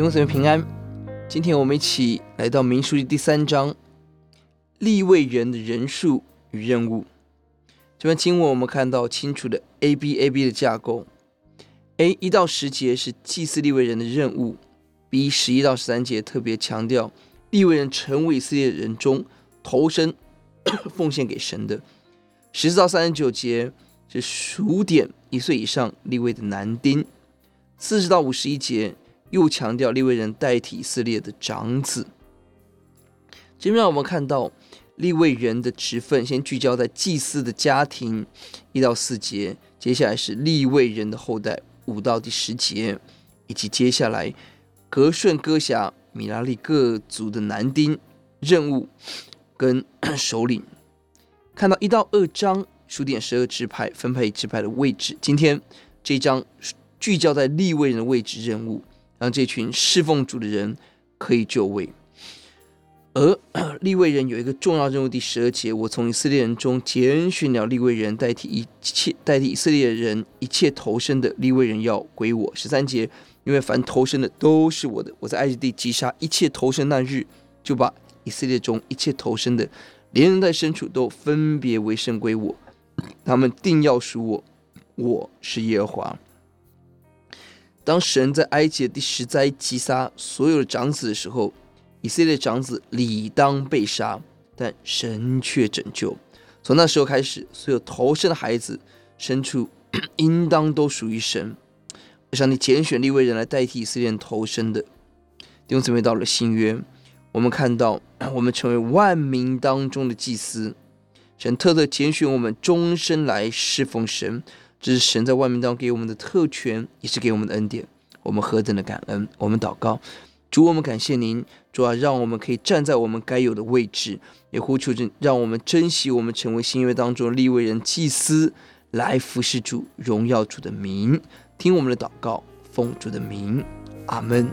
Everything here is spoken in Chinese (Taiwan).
平安，平安。今天我們一起來到《民數記》第三章，利未人的人數與任務。這邊經文我們看到清楚的 A B A B 的架構：A 一到十節是祭司利未人的任務；B 十一到十三節特別強調利未人成為以色列人中頭生 奉獻給神的；十四到三十九節是數點一歲以上利未的男丁；四十到五十一節。又強調利未人代替以色列的長子。前面讓我們看到利未人的職分，先聚焦在祭司的家庭，一到四節；接下來是利未人的後代，五到第十節，以及接下來革順、哥轄、米拉利各族的男丁任務跟首領。看到一到二章，數點十二支派，分配支派的位置。今天這一章聚焦在利未人的位置任務。讓這群侍奉主的人可以就位，而利未人有一個重要任務。第十二節，我從以色列人中揀選了利未人，代替一切代替以色列人一切頭生的，利未人要歸我。十三節，因為凡頭生的都是我的。我在埃及地擊殺一切頭生那日，就把以色列中一切頭生的，連人帶牲畜都分別為聖歸我。他們定要屬我，我是耶和華。當神在埃及的第十災擊殺所有的長子的時候，以色列的長子理當被殺，但神卻拯救。從那時候開始，所有頭生的孩子、牲畜 應當都屬於神。上帝揀選利未人來代替以色列人頭生的。弟兄姊妹到了新約，我們看到我們成為萬民當中的祭司，神特地揀選我們終身來侍奉神。這是神在萬民當中給我們的特權，也是給我們的恩典。我們何等的感恩！我們禱告，主，我們感謝您，主啊，讓我們可以站在我們該有的位置，也呼求着，讓我們珍惜我們成為新約當中利未人祭司，來服侍主，榮耀主的名。聽我們的禱告，奉主的名，阿門。